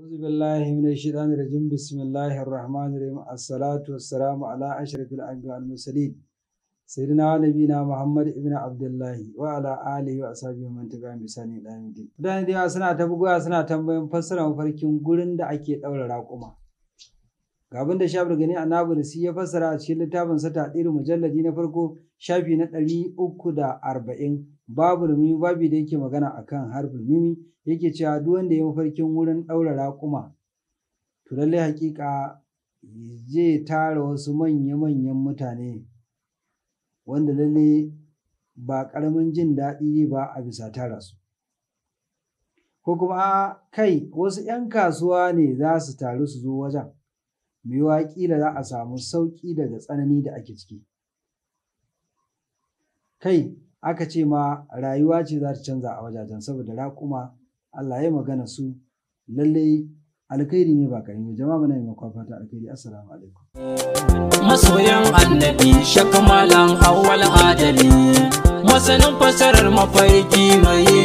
أعوذ بالله من الشيطان الرجيم بسم الله الرحمن الرحيم الصلاة والسلام على أشرف الأنبياء والمرسلين سيدنا نبينا محمد ابن عبد الله وعلى آله وأصحابه من تبعهم بإحسان إلى يوم الدين. Mutane da yawa suna ta bugowa suna tambayan fassara mafarkin gurin da ake ɗaura raƙuma. ga abin da shafin gani a nabarisi ya fassara a cikin littafin sa ɗiri mujalladi na farko shafi na ɗari uku da arba'in babu mimi babu da yake magana a akan harfin mimi yake cewa duk wanda ya mafarkin wurin ɗaura raƙuma to lallai hakika zai tara wasu manya-manyan mutane wanda lallai ba ƙaramin jin daɗi ba a bisa tara su ko kuma kai wasu 'yan kasuwa ne za su taru su zo wajen yiwuwa ƙila za a samu sauƙi daga tsanani da ake ciki. Kai aka ce ma rayuwa ce za ta canza a wajajen saboda raƙuma Allah ya magana su lallai alkhairi ne ba yi jama'a mana yi makwa fata alkhairi assalamu alaikum. Masoyan annabi shakamalan awwal adali masanin fasarar mafarki mai